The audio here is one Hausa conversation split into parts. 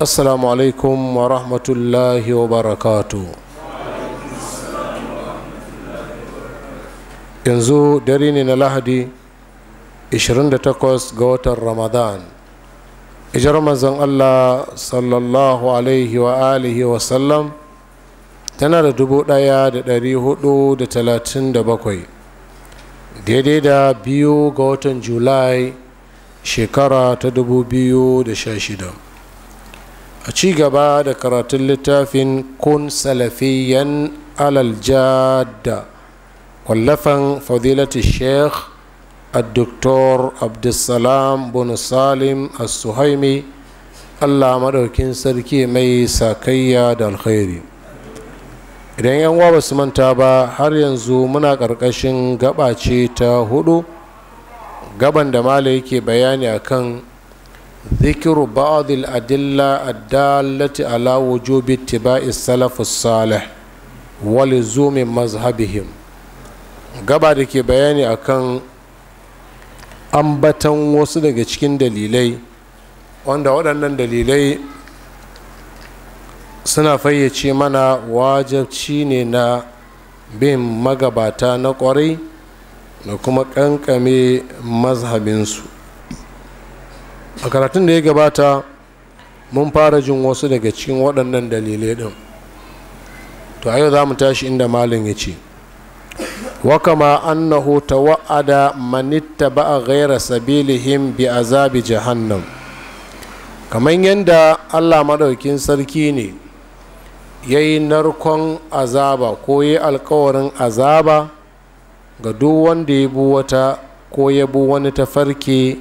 assalamu alaikum wa rahmatullahi wa barakatu yanzu dare ne na lahadi 28 ga watan ramadan ijar manzan allah sallallahu alaihi wa alihi wa sallam tana da dubu daya da dari hudu da talatin da bakwai daidai da biyu ga watan julai shekara ta dubu biyu da sha shida a ci gaba da karatun littafin kun salafiyan alaljada wallafan fadilati sheikh الدكتور عبد السلام salim a suhaimi allah maɗaukin sarki mai sakayya da alkhairi idan yan uwa basu manta ba har yanzu muna ƙarƙashin gaba ce ta hudu gaban da mala yake bayani akan ذكر بعض الأدلة الدالة على وجوب اتباع السلف الصالح ولزوم مذهبهم gaba da ke bayani akan ambatan wasu daga cikin dalilai wanda waɗannan dalilai suna fayyace mana wajabci ne na bin magabata na ƙwarai da kuma ƙanƙame mazhabinsu a karatun da ya gabata mun fara jin wasu daga cikin waɗannan dalilai ɗin to a yau za mu tashi inda malin ya ce wakama annahu tawa'ada manitta ba'a ghaira sabilihim bi azabi jahannam kamar yadda allah maɗaukin sarki ne ya yi narkon azaba ko ya alkawarin azaba ga duk wanda ya bu wata ko ya bu wani tafarki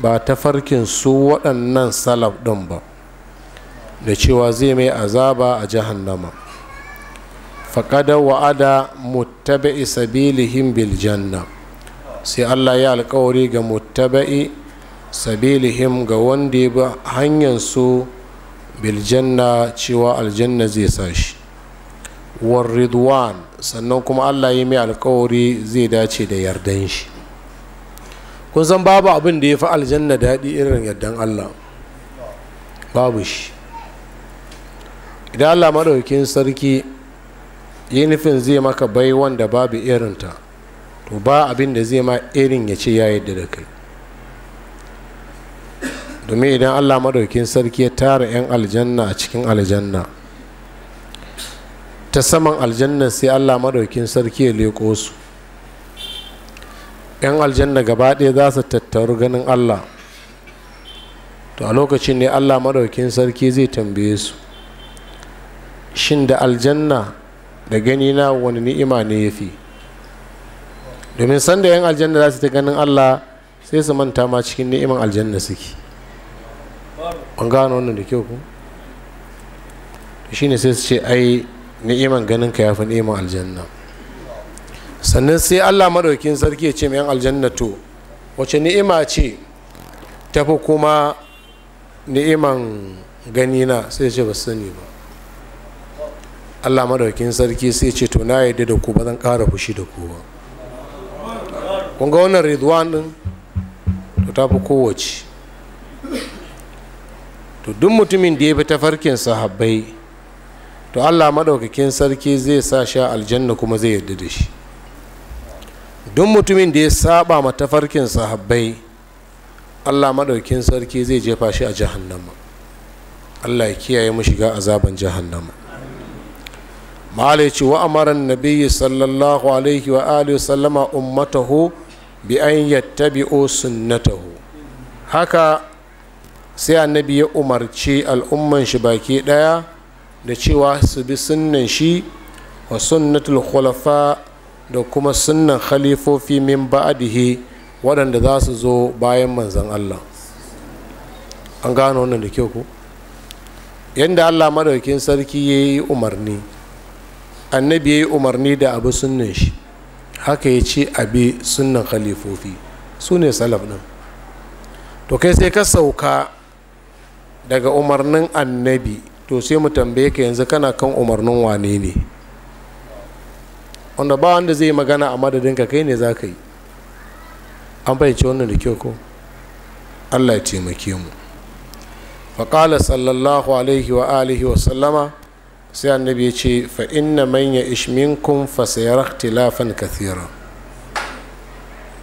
ba tafarkin su waɗannan salaf ɗin ba da cewa zai mai azaba a jahannama faƙada wa'ada muttaba'i sabilihim bil janna sai allah ya alkawari ga muttaba'i sabilihim ga wanda ya ba hanyar su Biljanna cewa aljanna zai sashi shi ridwan sannan kuma allah ya mai alkawari zai dace da yardan shi kun san babu abin da ya fi aljanna daɗi irin yardan allah babu shi idan allah maɗaukin sarki yi nufin zai maka bai wanda babu irinta to ba abin da zai ma irin ya ce ya yadda da kai domin idan allah maɗaukin sarki ya tara 'yan aljanna a cikin aljanna ta saman aljanna sai allah maɗaukin sarki ya leƙo su 'yan aljanna gaba ɗaya za su tattaru ganin allah to a lokacin ne allah maɗaukin sarki zai tambaye su shin da aljanna da gani na wani ni'ima ne ya fi domin sanda 'yan aljanna za su ta ganin allah sai su manta ma cikin ni'iman aljanna suke an gano wannan da kyau ku shine sai su ce ai ni'iman ganin ka ya fi ni'iman aljanna sannan sai allah maɗaukin sarki ya ce mai aljannatu wace ni'ima ce tafi kuma ni'iman ganina sai ce ba sani ba allah maɗaukin sarki sai ce to na yadda da ku ba zan ƙara fushi da ku ba kun ga wannan ridwan ɗin to ta fi kowace to duk mutumin da ya fi tafarkin sahabbai to allah maɗaukakin sarki zai sa sha aljanna kuma zai yadda da shi duk mutumin da ya saba ma tafarkin sahabbai allah maɗaukin sarki zai jefa shi a jahannama allah ya kiyaye mu shiga azaban jahannama malici wa amaran nabiyyi sallallahu alaihi wa alihi sallama ummatahu bi an yattabi'u sunnatahu haka sai annabi ya umarci al'umman shi baki daya da cewa su bi sunnan shi wa sunnatul khulafa da kuma sunnan khalifofi min ba'adihi waɗanda za su zo bayan manzan Allah an gano wannan da kyau ku yadda Allah madaukin sarki ya yi umarni annabi ya yi umarni da abu sunnan shi haka ya ce abi sunnan khalifofi su ne salaf ɗin to kai sai ka sauka daga umarnin annabi to sai mu tambaye ka yanzu kana kan umarnin wane ne wanda ba wanda zai magana a madadin ka kai ne za ka yi an fahimci wannan da kyau ko allah ya taimake mu faƙala sallallahu alaihi wa alihi wa sallama sai annabi ya ce fa inna manya ya ishminkum fa sayara kathira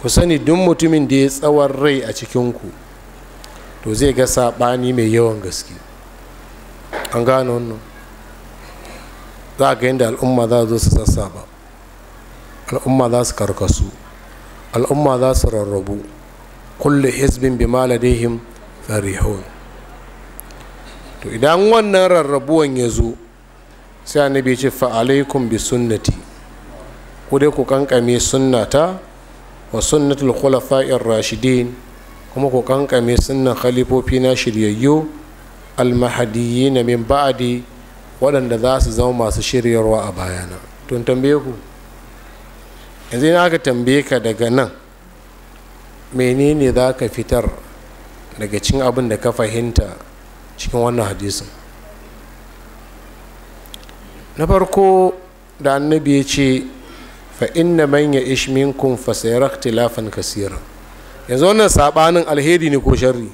ku sani duk mutumin da ya tsawon rai a cikinku to zai ga saɓani mai yawan gaske an gane wannan za ga yadda al'umma za zo su ba. al'umma za su karkasu al'umma za su rarrabu kulle hizbin bi maladihim farihun to idan wannan rarrabuwan ya zo sai annabi ce fa alaikum bi sunnati ku ku kankame sunnata wa sunnatul khulafa'ir rashidin kuma ku kankame sunnan khalifofi na shiryayyu almahadiyyin min ba'di waɗanda za su zama masu shiryarwa a bayana tun tambaye ku yanzu naka ka tambaye ka daga nan menene za ka fitar daga cin abin da ka fahimta cikin wannan hadisin na farko da annabi ya ce fa inna man ya ish minkum fa sayara kasira yanzu wannan sabanin alheri ne ko sharri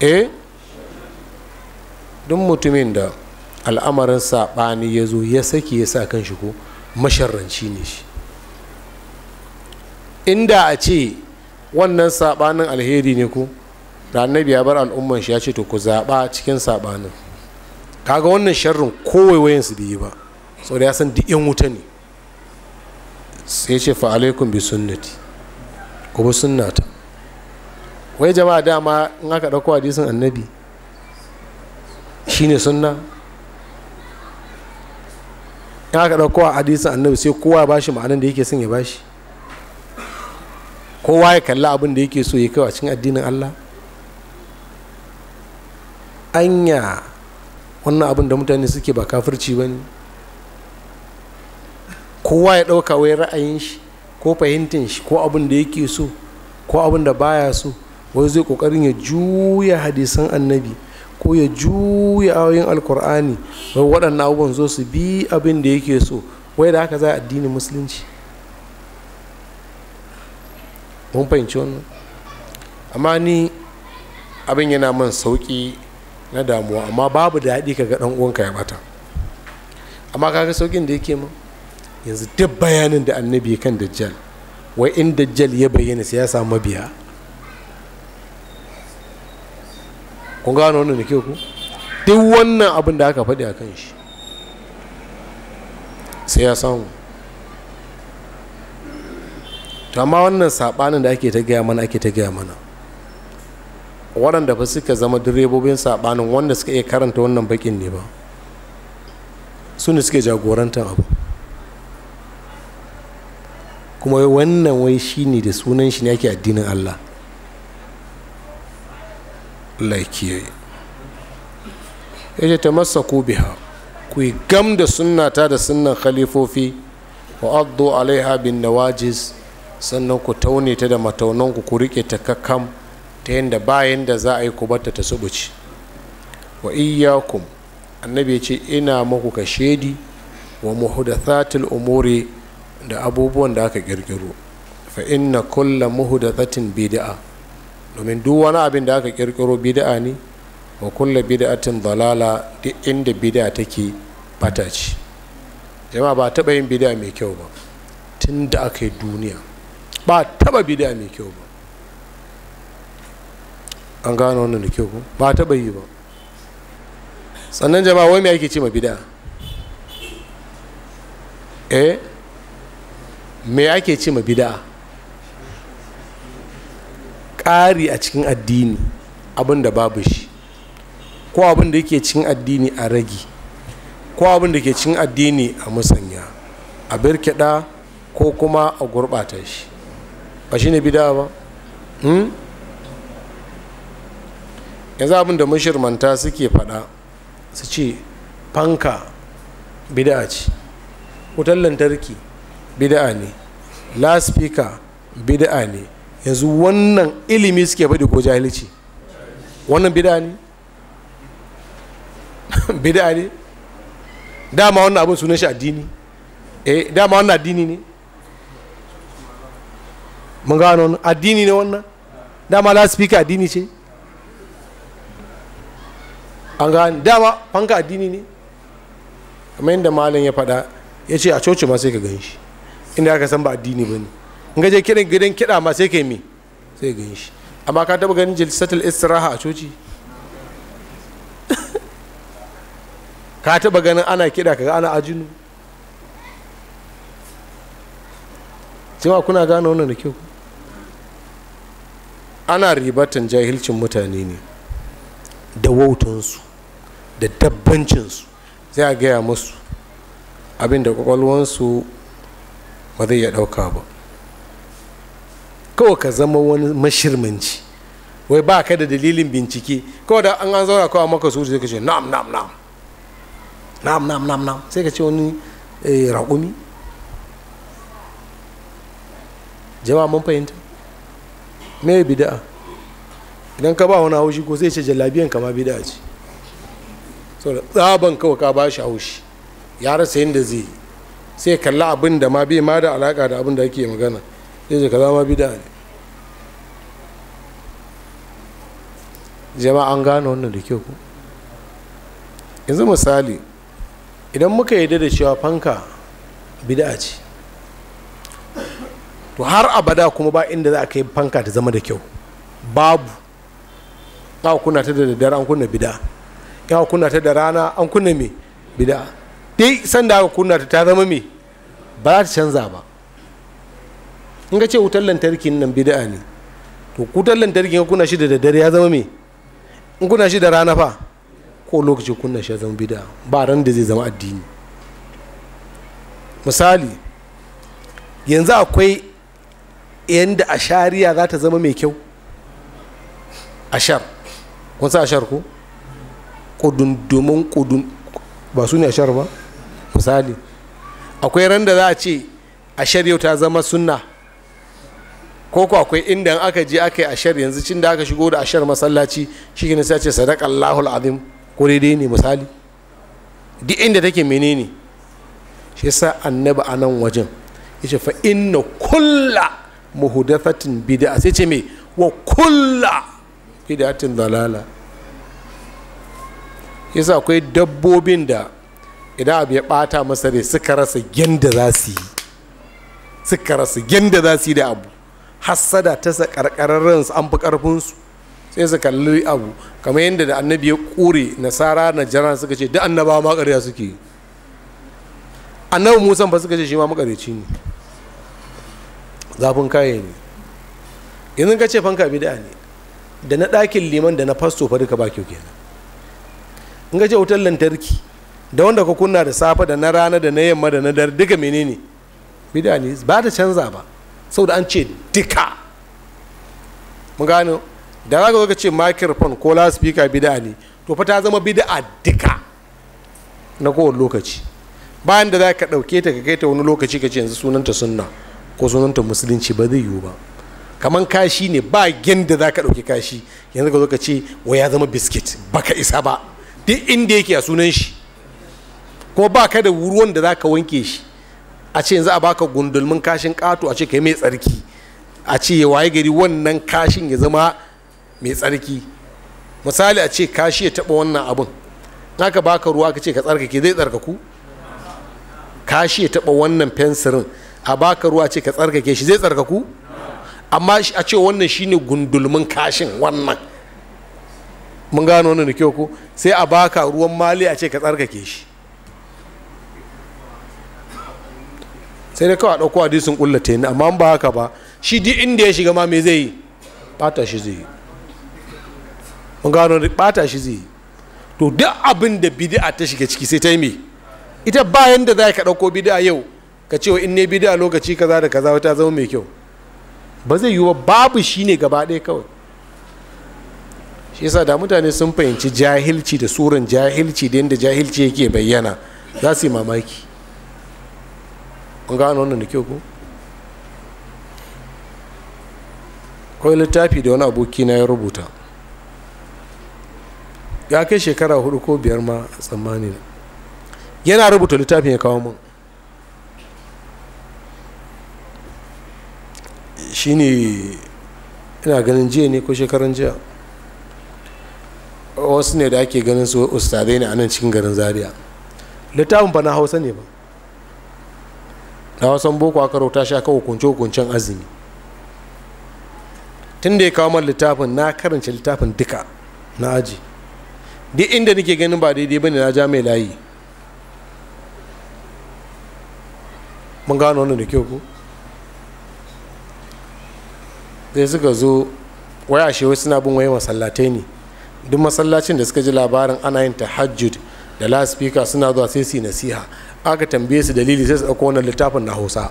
eh duk mutumin da al'amarin saɓani ya zo ya sake ya sa kan shi ko masharranci ne shi inda a ce wannan sabanin alheri ne ku da annabi ya bar al'umman shi ya ce to ku zaɓa cikin sabanin kaga wannan sharrin wayan su bai yi ba saboda ya san duk yan wuta ne sai ce fa alaikum bi sunnati ku bi sunnata wai jama'a dama in aka ɗauko hadisin annabi shine sunna in aka ɗauko hadisin annabi sai kowa ba shi ma'anin da yake son ya ba shi kowa ya kalli abin da yake so ya kai a cikin addinin Allah anya wannan abin da mutane suke ba kafirci ba ne kowa ya ɗauka wai ra'ayin shi ko fahimtin shi ko abin da yake so ko abin da baya so wai zai ƙoƙarin ya juya hadisan annabi ko ya juya ayoyin alkur'ani wai waɗannan abubuwan zo su bi abin da yake so wai da haka za a addinin musulunci mun fahimci wannan amma ni abin yana man sauki na damuwa amma babu daɗi ka ga uwanka ya bata amma kaga saukin da yake ma yanzu duk bayanin da annabi kan dajjal wai in dajjal ya bayyana sai ya samu mabiya kun gano wannan da ke ku duk wannan abin da aka faɗi a kan shi sai ya samu to amma wannan sabanin da ake ta gaya mana ake ta gaya mana waɗanda fa suka zama direbobin sabanin wanda suka iya karanta wannan bakin ne ba su ne suke jagorantar abu kuma wannan wai shi ne da sunan shi ne ake addinin allah laikiyayi ya ce ta masa ku biha ku yi gam da sunnata da sunnan khalifofi wa addu alaiha bin nawajis sannan ku taune ta da mataunanku ku rike ta kakam ta yadda bayan da za a yi ku bata ta subuci wa iyakum annabi ya ce ina maku ka shedi wa muhdathatil umuri da abubuwan da aka kirkiro fa inna kulla muhdathatin bid'a domin duk wani abin da aka kirkiro bida'a ne wa kulla bid'atin dalala duk inda bid'a take bata ce jama'a ba taɓa yin bida'a mai kyau ba tun da aka yi duniya ba taba bida mai kyau ba an gano wannan da kyau ba taba yi ba sannan jama'a wai me ake ce ma bida eh me ake ce ma bida ƙari a cikin addini abin da babu shi ko abin da yake cikin addini a ragi ko abin da ke cikin addini a musanya a birkiɗa ko kuma a gurɓata shi ba shi ne bida ba hmm? yanzu abin da mashirmanta suke faɗa su ce fanka bida ce wutar lantarki bida ne laspika bida ne yanzu wannan ilimi suke faɗi ko jahilci wannan bida ne bida ne dama wannan abin sunan shi addini eh dama wannan addini ne mun gano wannan addini ne wannan dama lasifika addini ce an gane dama fanka addini ne kamar yadda malam ya faɗa ya ce a coci ma sai ka gan shi inda aka san ba addini ba ne in gaje kiɗan gidan kiɗa ma sai ka yi me sai gan shi amma ka taɓa ganin jilisatul istiraha a coci ka taɓa ganin ana kiɗa kaga ana ajinu jama'a kuna gano wannan da kyau ana ribatan jahilcin mutane ne da wautansu da dabbancinsu sai a gaya musu abin da kwakwalwansu ba zai iya ɗauka ba kawai ka zama wani mashirmanci wai ba ka da dalilin bincike kawai da an an zauna kawai maka su sai ka ce nam nam nam nam nam nam nam sai ka ce wani eh, raƙumi jama'a mun fahimta me bid'a idan ka ba wani haushi ko sai ce jallabiyan kama bid'a ce saboda tsaban kawai ka ba shi haushi ya rasa yadda zai yi sai kalla abin da ma bai ma da alaka da abin da ake magana sai ce kaza ma bid'a ne jama'a an gane wannan da kyau ko yanzu misali idan muka yarda da cewa fanka bid'a ce to har abada kuma ba inda za a kai fanka ta zama da kyau babu ya kuna ta da daddare an kunna bida ya kuna ta da rana an kunna me bida dai sanda aka kunna ta ta zama me ba za ta canza ba in ka ce wutar lantarki nan bida ne to wutar lantarki kuna shi da daddare ya zama me in kuna shi da rana fa ko lokaci kunna shi ya zama bida ba ran da zai zama addini misali yanzu akwai yadda ashariya za ta zama mai kyau ashar kun sa ashar ko kudundumin kudun ba su ne ashar ba misali akwai ran da za a ce ashar yau ta zama sunna ko ku akwai inda aka je aka yi ashar yanzu cin da aka shigo da ashar masallaci shi ne sai ce sadakallahu azim ko daidai ne misali duk inda take menene shi yasa annabi a nan wajen ya ce fa inna kulla muhudafatin bid'a sai ce me wa kulla bid'atin dalala yasa akwai dabbobin da idan abu ya bata masa ne suka rasa yanda za su yi suka rasa yanda za su yi da abu hassada ta sa karkarar ransu an fi karfin sai su kalli abu kamar yadda da annabi ya kure nasara na jara suka ce duk annabawa ma suke annabi musan ba suka ce shi ma makareci ne zafin kaye ne yanzu ka ce fanka bid'a ne da na ɗakin liman da na fasto fa duka ba kyau kenan in ka ce wutar lantarki da wanda ka kunna da safe da na rana da na yamma da na dar duka menene bid'a ne ba ta canza ba saboda an ce duka mu gano da za ka zo ka ce microphone ko bi bid'a ne to fa ta zama bid'a duka na kowane lokaci bayan da za ka ɗauke ta ka kai ta wani lokaci ka ce yanzu sunanta sunna ko sunanta musulunci ba zai yiwu ba kamar kashi ne ba gyanda za ka ɗauki kashi yanzu ka zo ka ce wa ya zama biskit ba ka isa ba duk inda yake a sunan shi ko ba ka da ruwan da za ka wanke shi a ce yanzu a baka gundulmin kashin kato a ce ka yi mai tsarki a ce ya waye gari wannan kashin ya zama mai tsarki misali a ce kashi ya taɓa wannan abin naka baka ruwa ka ce ka tsarkake zai tsarkaku kashi ya taɓa wannan fensirin a baka ruwa ce ka tsarkake shi zai tsarkaku amma a ce wannan shine gundulmin kashin wannan mun gano wannan da kyau ko sai a baka ruwan mali a ce ka tsarkake shi sai dai kawai ɗauko hadisin kullata ni amma ba haka ba shi duk inda ya shiga ma me zai yi bata shi zai yi mun gano bata shi zai yi to duk abin da bid'a ta shiga ciki sai ta yi me ita bayan da za ka ɗauko bid'a yau ka cewa in ne bida lokaci kaza da kaza ta zama mai kyau ba zai yiwu babu shi ne gaba ɗaya kawai shi yasa da mutane sun fahimci jahilci da suran jahilci da yadda jahilci yake bayyana za su yi mamaki kun gano wannan da kyau ko kawai littafi da wani aboki na ya rubuta ya kai shekara hudu ko biyar ma tsammani yana rubuta littafin ya kawo mun Shi ne ina ganin jiya ne ko shekaran jiya wasu ne da ake ganin su ustazai ne a nan cikin garin zaria littafin ba na hausa ne ba na hausan boko aka rauta shi aka hukunce hukuncen azumi tun da ya kawo man littafin na karance littafin duka na aji duk inda nake ganin ba daidai bane na ja mai layi mun gano wannan da kyau ko sai suka zo wai a shewa suna bin wai masallatai ne duk masallacin da suka ji labarin ana yin tahajjud da speaker suna zuwa sai su nasiha aka tambaye su dalili sai su ɗauko wannan littafin na hausa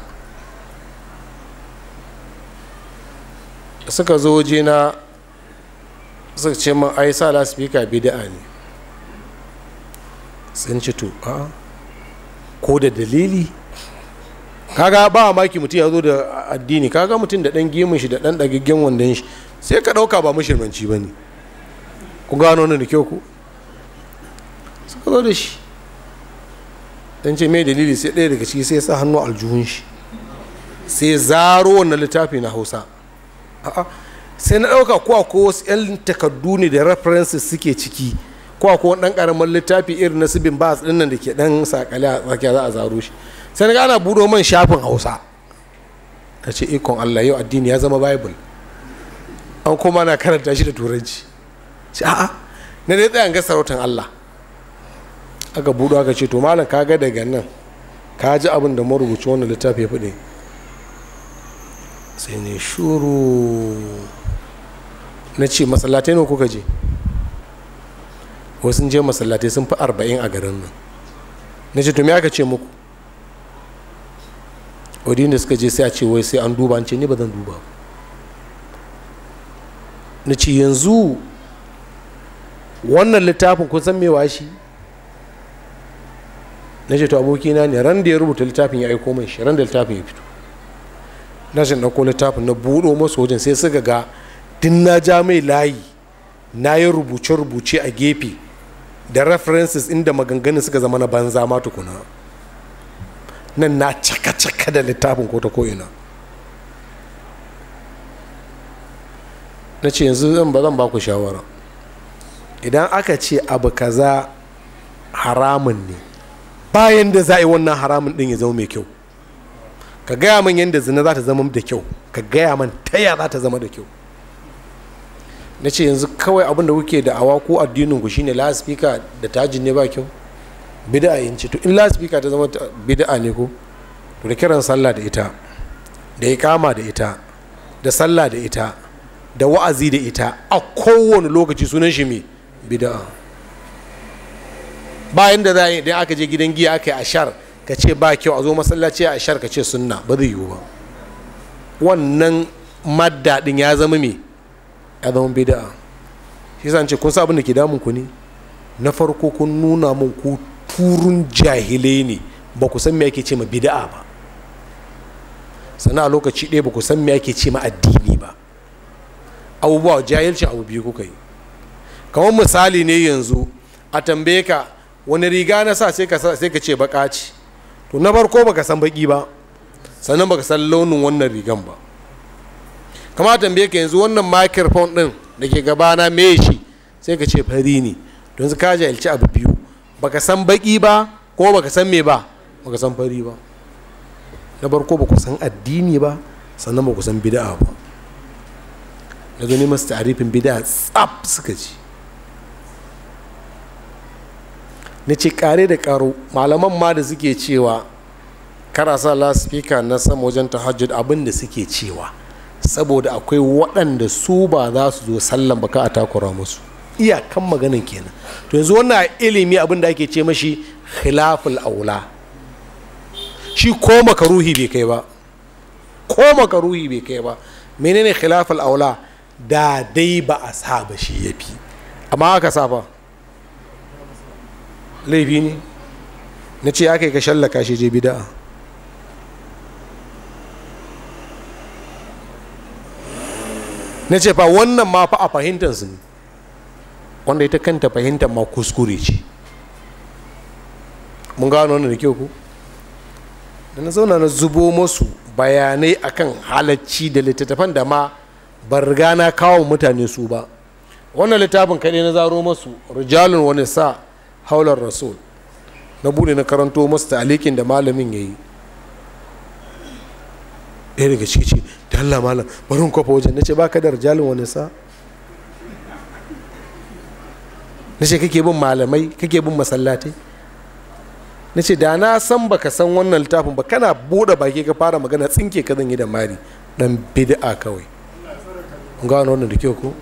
suka zo waje na suka ce a ai sa speaker bid'a ne sun ci to ko da dalili kaga ba maki mutum ya zo da addini kaga mutum da dan gemun shi da dan dagaggen wandon shi sai ka dauka ba mushirmanci ba ne ku gano ne da kyau ku suka zo da shi dan ce mai dalili sai ɗaya daga ciki sai sa hannu aljuhun shi sai zaro wannan littafi na hausa a'a sai na ɗauka ko ko wasu 'yan takardu ne da references suke ciki ko ko wani ɗan ƙaramin littafi irin na sibin bas ɗin nan da ke ɗan sakale a tsakiya za a zaro shi sai ga ana buɗo man shafin hausa a ce ikon allah yau addini ya zama bible an kuma na karanta shi da turanci ce a'a na dai tsayan ga sarautan allah aka buɗo aka ce to malam ka ga daga nan ka ji abin da marubuci wannan littafi ya faɗi sai ne shuru na ce masallatai ne kuka je wasu je masallatai sun fi arba'in a garin nan na ce to me aka ce muku wadin da suka je sai a ce wai sai an duba an ce ni ba zan duba na ce yanzu wannan littafin kun san mewa shi na ce to abokina ne ran da ya rubuta littafin ya aiko min shi ran da littafin ya fito na shi ɗauko littafin na buɗo masu wajen sai suka ga tun na ja mai layi na yi rubuce-rubuce a gefe da references inda maganganun suka zama na banza ma tukuna nan na caka-caka da littafin ko ta ko'ina na ce yanzu zan ba zan ba ku shawara idan aka ce abu kaza haramun ne bayan da za a yi wannan haramun din ya zama mai kyau ka gaya man yadda zina za ta zama da kyau ka gaya man taya za ta zama da kyau na ce yanzu kawai abin da kuke da awa ko addinin ku shine lasifika da tajin ne ba kyau bid'a in ce to in lasifika ta zama bid'a ne ko to da kiran sallah da ita da ikama da ita da sallah da ita da wa'azi da ita a kowane lokaci sunan shi me bid'a bayan da za idan aka je gidan giya aka yi ashar ka ce ba kyau a zo masallaci a ashar ka ce sunna ba zai yiwu ba wannan madda din ya zama me ya zama bid'a shi yasa ce kun sa abin da ke damun ku ne na farko kun nuna mun ku kurun jahilai ne ba ku san me ake ce ma bid'a ba sana lokaci ɗaya ba ku san me ake ce ma addini ba abubuwa jahilcin abu biyu kuka yi kamar misali ne yanzu a tambaye ka wani riga na sa sai ka ce baka ce to na farko baka san baki ba sannan baka san launin wannan rigan ba kama tambaye ka yanzu wannan microphone din da ke gabana me shi sai ka ce fari ne don su ka jahilci abu biyu baka san baki ba ko baka san me ba baka san fari ba na barko ba ku san addini ba sannan ba ku san bid'a ba na zo masu tarifin bid'a tsab suka ji na ce kare da karo malaman ma da suke cewa karasa lasifika na sama wajen tahajjud abin da suke cewa saboda akwai waɗanda su ba za su zo sallan baka a takura musu iyakan maganin kenan to yanzu wannan ilimi abin da ake ce mashi khilaful aula shi ko makaruhi bai kai ba ko makaruhi bai kai ba menene khilaful aula da dai ba a saba shi yafi amma aka saba laifi ne na ce aka yi ka shallaka shi je bida'a na ce fa wannan ma fa a fahimtar su ne wanda ita kanta fahimtar ma kuskure ce mun gano wannan da kyau ku da na zauna na zubo masu bayanai akan halacci da littattafan da ma bar riga na kawo mutane su ba wannan littafin kaɗai na zaro masu rijalun wani sa haular rasul na bude na karanto masu talikin da malamin ya yi ɗaya daga ciki ce da allah malam barin kwafa wajen na ce ba ka da rijalun wani sa' na ce kake bin malamai kake bin masallatai na ce da na san baka san wannan littafin ba kana bude baki ka fara magana tsinke ka zan yi da mari dan bid'a kawai kun gano wannan da kyau ko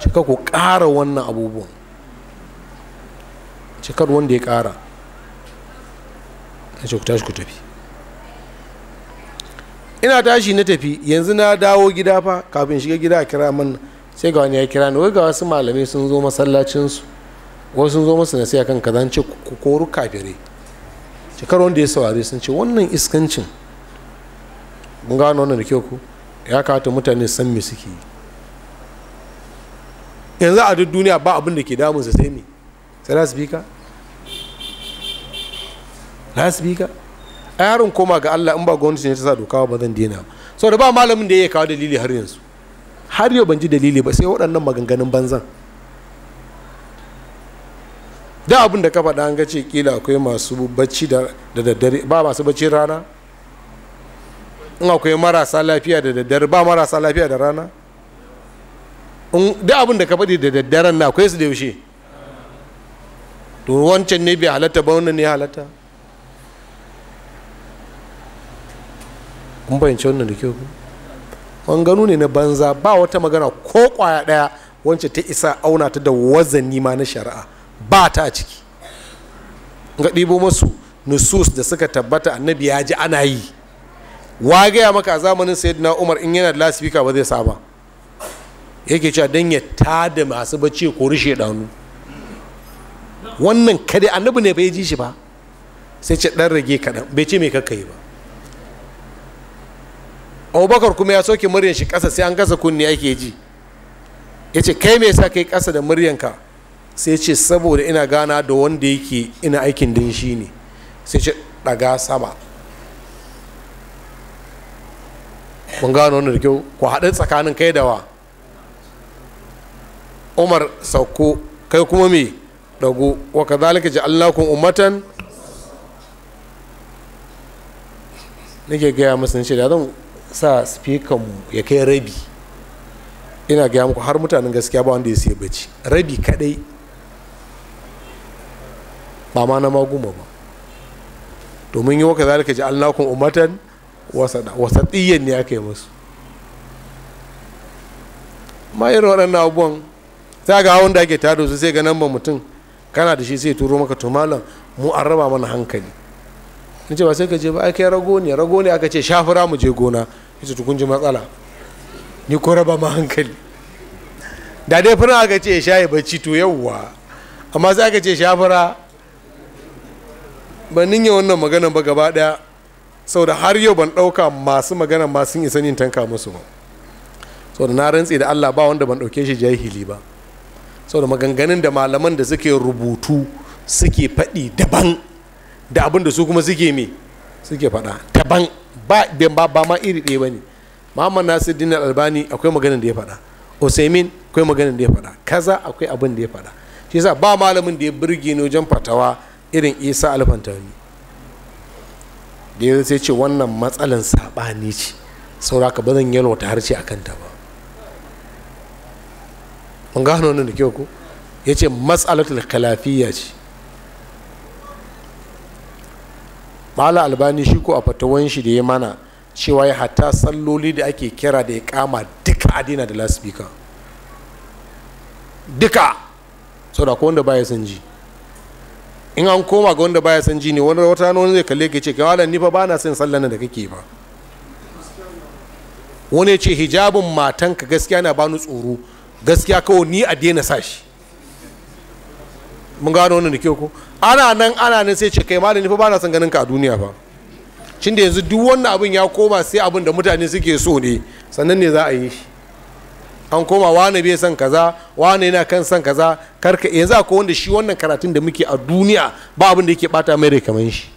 cika ku ƙara wannan abubuwan cikar wanda ya kara na ce ku tashi ku tafi ina tashi na tafi yanzu na dawo gida fa kafin shiga gida a kira mana sai ga wani ya kira ni wai ga wasu malamai sun zo masallacinsu wasu sun zo masu nasiya kan ka ce ku kafirai cikar wanda ya saurari sun ce wannan iskancin mun gano wannan da kyau ku ya kawata mutane san me suke yi yanzu a duk duniya ba abin da ke damunsa sai me sai na na lasifika a yaron koma ga allah in ba gwamnati ne ta sa doka ba zan daina sau da ba malamin da ya kawo dalili har yanzu har yau ban ji dalili ba sai waɗannan maganganun banzan da abin da ka faɗa an gace kila akwai masu bacci da daddare ba masu bacci rana in akwai marasa lafiya da daddare ba marasa lafiya da rana da abin da ka faɗi da daddaren na akwai su da yaushe to wancan ne bai halatta ba wannan ne halatta kun fahimci wannan da kyau wangano ne na banza ba wata magana ko kwaya ɗaya wance ta isa auna ta da wazani ma na shari'a ba ta a ciki ga ɗibo masu nusus da suka tabbata annabi ya ji ana yi wa gaya maka a zamanin sayyidina umar in yana da lasifika ba zai saba yake cewa dan ya da masu bacci ko rushe ɗanu wannan kada annabi ne bai ji shi ba sai ce ɗan rage kaɗan bai ce mai kakka yi ba abubakar kuma ya soke muryan shi ƙasa sai an gasa kunni ake ji ya ce kai me sa kai ƙasa da muryanka sai ce saboda ina gana da wanda yake ina aikin din shi ne sai ce daga sama kun gano wanda da kyau ku haɗu tsakanin kai da wa umar sauko kai kuma me ɗago wa ka zalika ji allakun ummatan nake gaya masu ce da zan sa mu ya kai rabi ina gaya muku har mutanen gaskiya ba wanda ya siya bacci rabi kadai ba ma na maguma ba domin yi waka zalika ji allakun umatan wasaɗiyyan ne aka yi musu ma irin waɗannan abubuwan za ga wanda ake tado su sai ga nan ba mutum kana da shi sai turo maka to malam mu an raba mana hankali in ce ba sai ka je ba ai kai rago ne rago ne aka ce shafura mu je gona yace to kun ji matsala ni ko raba ma hankali da dai fara aka ce sha ya bacci to yawwa amma sai aka ce sha fara ban yi wannan magana ba gaba daya saboda har yau ban dauka masu magana ma isa yin tanka musu ba saboda na rantse da Allah ba wanda ban dauke shi jahili ba saboda maganganun da malaman da suke rubutu suke faɗi daban da abin da su kuma suke me suke faɗa daban ba ba ma iri ɗaya ba ne muhammad nasir dinar albani akwai maganin da ya faɗa usaimin akwai maganin da ya faɗa kaza akwai abin da ya faɗa shi yasa ba malamin da ya burge ni wajen fatawa irin isa alfantani da ya sai ce wannan matsalan saɓani ce sauraka ba zan yalwata harshe a kanta ba mun gano nan da kyau ko ya ce matsalatul kalafiyya ce mala albani shi ko a fatawan shi da ya mana cewa ya hata salloli da ake kira da ya kama duka adina da laspika duka sau da wanda baya san ji in an koma ga wanda baya san ji ne wani wata wani zai kalle ka ce ga malam ni fa ba na son sallan da kake ba wani ce hijabin matanka gaskiya na bani tsoro gaskiya kawai ni a daina sa shi mun gano wannan da kyau ko ana nan ana nan sai ce kai malami fa ba na son ganin ka a duniya fa cin da yanzu duk wannan abin ya koma sai abin da mutane suke so ne sannan ne za a yi shi an koma wani bai son kaza wani yana kan son kaza karka yanzu akwai wanda shi wannan karatun da muke a duniya ba abin da yake bata mai da kamar shi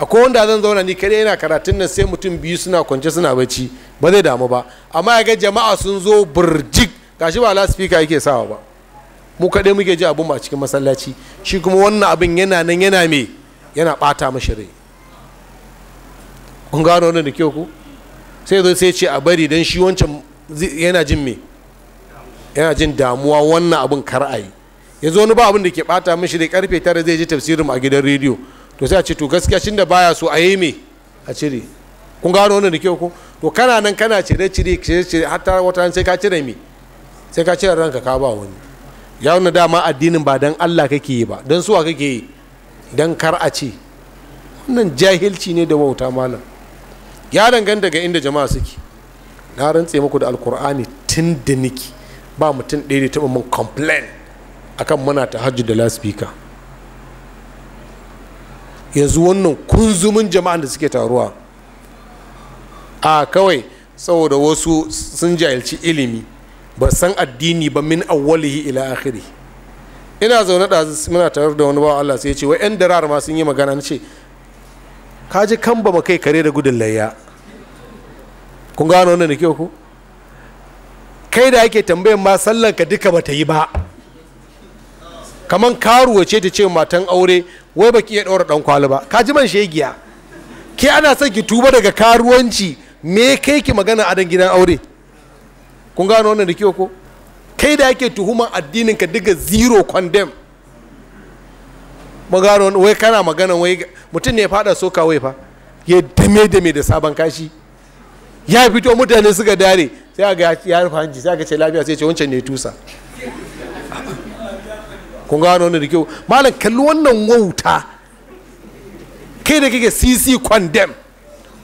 akwai wanda zan zauna ni kare yana karatun nan sai mutum biyu suna kwance suna bacci ba zai damu ba amma ya ga jama'a sun zo burjik gashi ba speaker yake sawa ba mu kaɗai muke ji abun a cikin masallaci shi kuma wannan abin yana nan yana me yana ɓata mashi rai kun gano wannan da kyau ku sai zo sai ce a bari don shi wancan yana jin me yana jin damuwa wannan abin kar a yi yanzu wani ba abin da ke ɓata mashi rai karfe tara zai ji tafsirin a gidan rediyo to sai a ce to gaskiya shin da baya so a yi me a cire kun gano wannan da kyau ku to kana nan kana cire cire cire cire hatta wata sai ka cire me sai ka cire ranka ka ba wani ya wani dama addinin ba don allah kake yi ba don suwa kake yi don kar a ce wannan jahilci ne da wauta malam ya danganta ga inda jama'a suke na rantse muku da alkur'ani tun da niki ba mutum ɗaya da taɓa mun complain akan muna ta hajji da laspika yanzu wannan kunzumin jama'an da suke taruwa a kawai saboda wasu sun jahilci ilimi ba san addini ba min awwalihi ila akhiri ina zaune da muna tarar da wani bawan Allah sai ya ce wa yan dirar ma sun yi magana ce ka ji kan ba kai kare da gudun layya kun gano wannan da ku kai da ake tambayan ma sallan ka duka bata yi ba kaman karuwa ce ta ce matan aure wai baki iya ɗaura dan kwali ba ka ji man shegiya ke ana son ki tuba daga karuwanci me kai ki magana adan gidan aure kun gano wannan da kyau ko kai da yake tuhuman addinin ka diga zero condemn magana wai kana magana wai mutum ne ya fada soka wai fa ya dame dame da sabon kashi ya fito mutane suka dare sai ga ya rufe hanji sai ga ce lafiya sai ce wancan ne tusa kun gano wannan da kyau malam kalli wannan wauta kai da kake cc condemn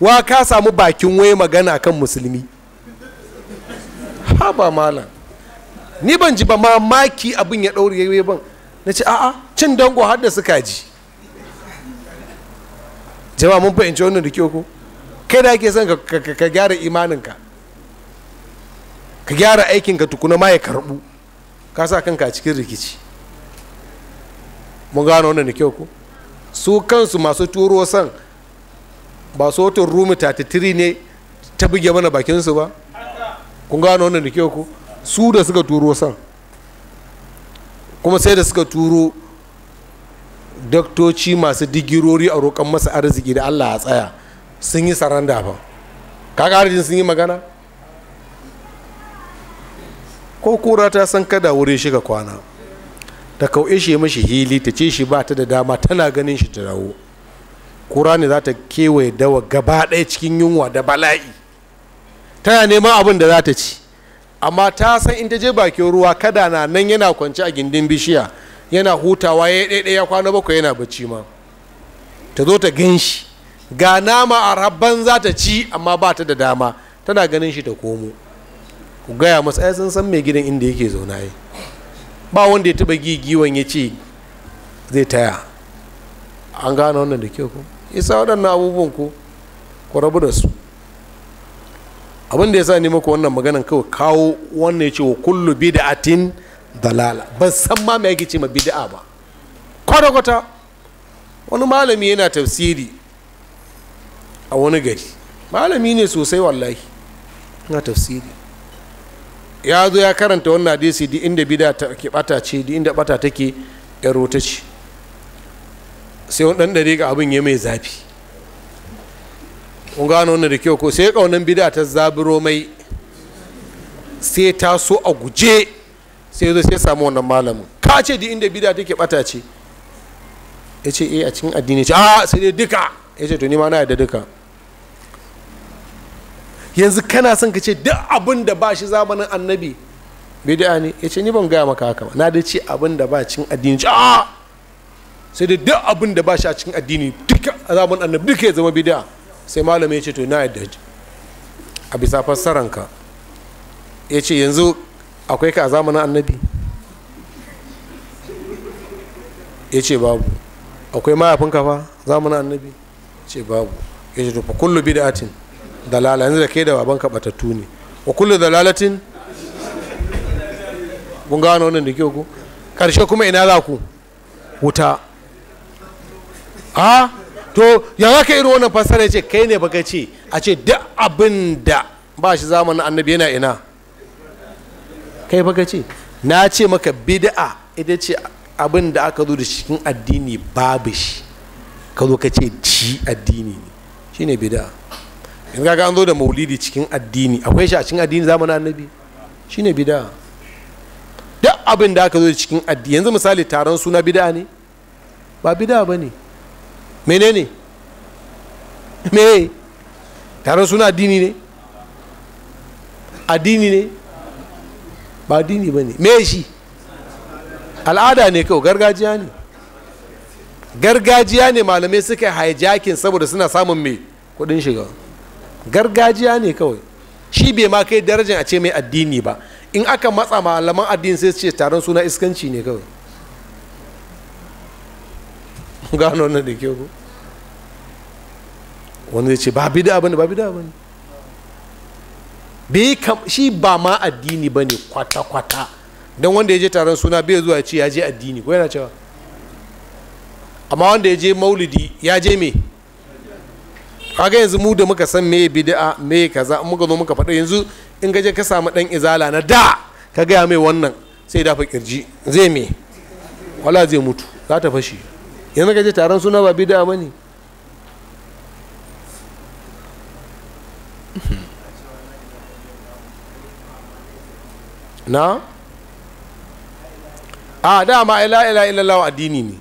wa ka samu bakin wai magana kan musulmi haba malam ni ban ji ba mamaki abin ya ɗaure yayi ban na ce a'a cin dango har da suka ji jama'a mun fahimci wannan da kyau ko kai da ake son ka gyara imaninka ka gyara aikinka tukuna ma ya karbu ka sa kanka a cikin rikici mun gano wannan da kyau ko su kansu masu turo san ba su watan rumi 33 ne ta buge mana bakinsu ba kun gano wannan da kyau ku su da suka turo san kuma sai da suka turo daktoci masu digirori a roƙon masa arziki da allah a tsaya sun yi saranda ba kaga arzikin sun yi magana ko kura ta san kada wuri shiga kwana ta kau'e shi mashi hili ta ce shi ba ta da dama tana ganin shi ta dawo kura ne za ta kewaye dawa gaba ɗaya cikin yunwa da bala'i tana neman abin da za ta ci amma ta san in ta je bakin ruwa kada na nan yana kwance a gindin bishiya yana hutawa ya ɗaiɗai ya kwana bakwai yana bacci ma ta zo ta gan shi ga nama a rabban za ta ci amma ba ta da dama tana ganin shi ta komo ku gaya masu ai sun san mai gidan inda yake zauna yi ba wanda ya taɓa gigiwan ya ce zai taya an gane wannan da kyau ku isa waɗannan abubuwan ku ku rabu da su abin da ya sa ne maka wannan maganan kawai kawo wannan ya ce wa kullu bid'atin dalala ban san ma me yake ce ma bid'a ba kwata kwata wani malami yana tafsiri a wani gari malami ne sosai wallahi na tafsiri ya zo ya karanta wannan hadisi di inda bid'a ta ke bata ce di inda bata take yaro ta ce sai wani dan dare ga abin ya mai zafi kun gano wannan da kyau ko sai kaunan bid'a ta zaburo mai sai ta so a guje sai zo sai samu wannan malamin ka ce di inda bid'a take bata ce ya ce eh a cikin addini ce a ah, sai dai duka ya ce to ni ma na yarda duka yanzu kana son ka ce duk abin da ba shi zamanin annabi bid'a ne ya ce ni ban gaya maka haka ba na da ce abin da ba cikin addini ce a ah! sai dai duk abin da ba shi a cikin addini duka zamanin annabi duka ya zama bid'a sai malami ya ce to na yadda a bisa fassaranka ya ce yanzu akwai ka a zamanin annabi ya ce babu akwai mahaifinka fa zamanin annabi ya ce babu ya ce to fa kullu bid'atin dalala yanzu da kai da babanka batattu ne wa kullu dalalatin kun gano wannan da kyau ko karshe kuma ina za ku wuta a ah! to ya haka irin wannan fasara ya ce kai ne baka ce a ce duk abin da ba shi zamanin annabi yana ina kai baka ce na ce maka bid'a ita ce abin da aka zo da cikin addini babu shi ka zo ka ce ci addini ne ne bida'a in ga an zo da maulidi cikin addini akwai shi a cikin addini zamanin annabi ne bida'a duk abin da aka zo da cikin addini yanzu misali taron suna bida'a ne ba bida'a ba ne menene me taron suna addini ne addini ne ba addini ba ne me shi al'ada ne kawai gargajiya ne gargajiya ne malamai suka hijakin saboda suna samun mai kudin shiga gargajiya ne kawai shi bai ma kai darajar a ce mai addini ba in aka matsa malaman addini sai su ce taron suna iskanci ne kawai gano na da kyau wanda ya ce ba bida ba ne ba bida ba ne shi ba ma addini ba ne kwata-kwata don wanda ya je taron suna bai zuwa ce ya je addini ko yana cewa amma wanda ya je maulidi ya je me kaga yanzu mu da muka san me bid'a me kaza muka zo muka faɗa yanzu in je ka samu dan izala na da ka gaya mai wannan sai dafa kirji zai me wala zai mutu za ta fashe yanzu ka je taron suna ba bida ba ne na a dama ila ila illallah addini ne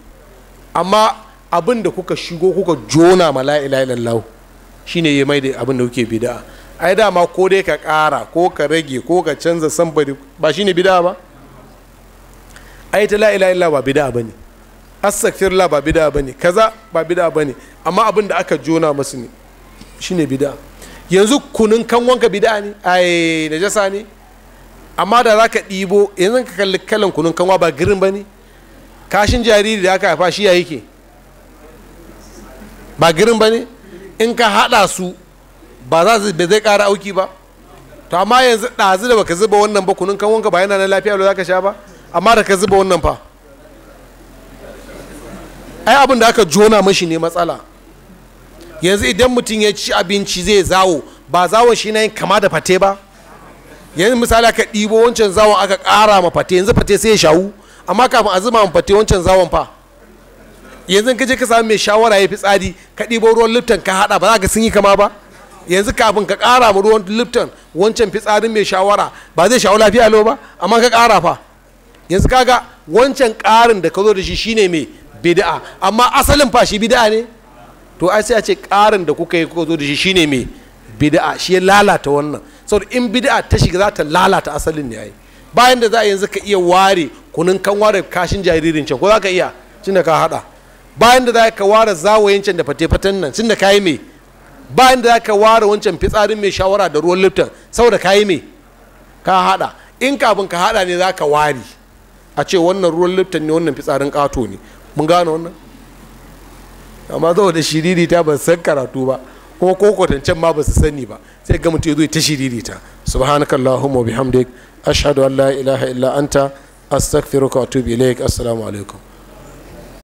amma abin da kuka shigo kuka jona ma la ila illallah shine ya mai da abin da kuke bid'a ai dama ko dai ka ƙara ko ka rage ko ka canza sambari ba shi ne bid'a ba ai ta la ila illallah ba ne. astaghfirullah ba bid'a bane kaza ba bid'a bane amma abin da aka jona masu ne shine bid'a yanzu kunun kan wanka bid'a ne ai najasa ne amma da zaka ɗibo yanzu ka kalli kalan kunun kanwa ba girin bane kashin jariri da aka haifa shi ya yake ba girin bane in ka hada su ba za su bai zai ƙara auki ba to amma yanzu ɗazu da baka zuba wannan ba kunun kan wanka ba yana na lafiya za ka sha ba amma da ka zuba wannan fa ai abin da aka jona mashi ne matsala yanzu idan mutum ya ci abinci zai zawo ba zawo shi na yin kama da fate ba yanzu misali aka ɗibo wancan zawo aka ƙara ma fate yanzu fate sai ya shawu amma kafin a zuma ma fate wancan zawon fa yanzu ka je ka samu mai shawara ya fi tsari ka ɗibo ruwan lifton ka haɗa ba za ka sun yi kama ba yanzu kafin ka ƙara ma ruwan lifton wancan fitsarin mai shawara ba zai shawo lafiya lo ba amma ka ƙara fa yanzu kaga wancan ƙarin da ka zo da shi shine mai bid'a amma asalin fa shi bid'a ne to ai sai a ce karin da kuka yi kuka zo da shi shine me bid'a shi ya lalata wannan saboda in bid'a ta shiga za ta lalata asalin ne ai bayan da za a yanzu ka iya ware kunun kan ware kashin jaririn can ko za ka iya tunda ka hada bayan da za ka ware zawayin can da fate-faten nan tunda ka yi me bayan da za ka ware wancan fitsarin mai shawara da ruwan lifton saboda ka yi me ka hada in kafin ka hada ne za ka ware a ce wannan ruwan lifton ne wannan fitsarin kato ne mun gano wannan amma da shiririta ba san karatu ba ko ko kwatancen ma ba su sani ba sai ga mutum ya zo ta shiririta subhanakallahumma bihamdik ashhadu an la ilaha illa anta astaghfiruka wa atubu ilaik assalamu alaikum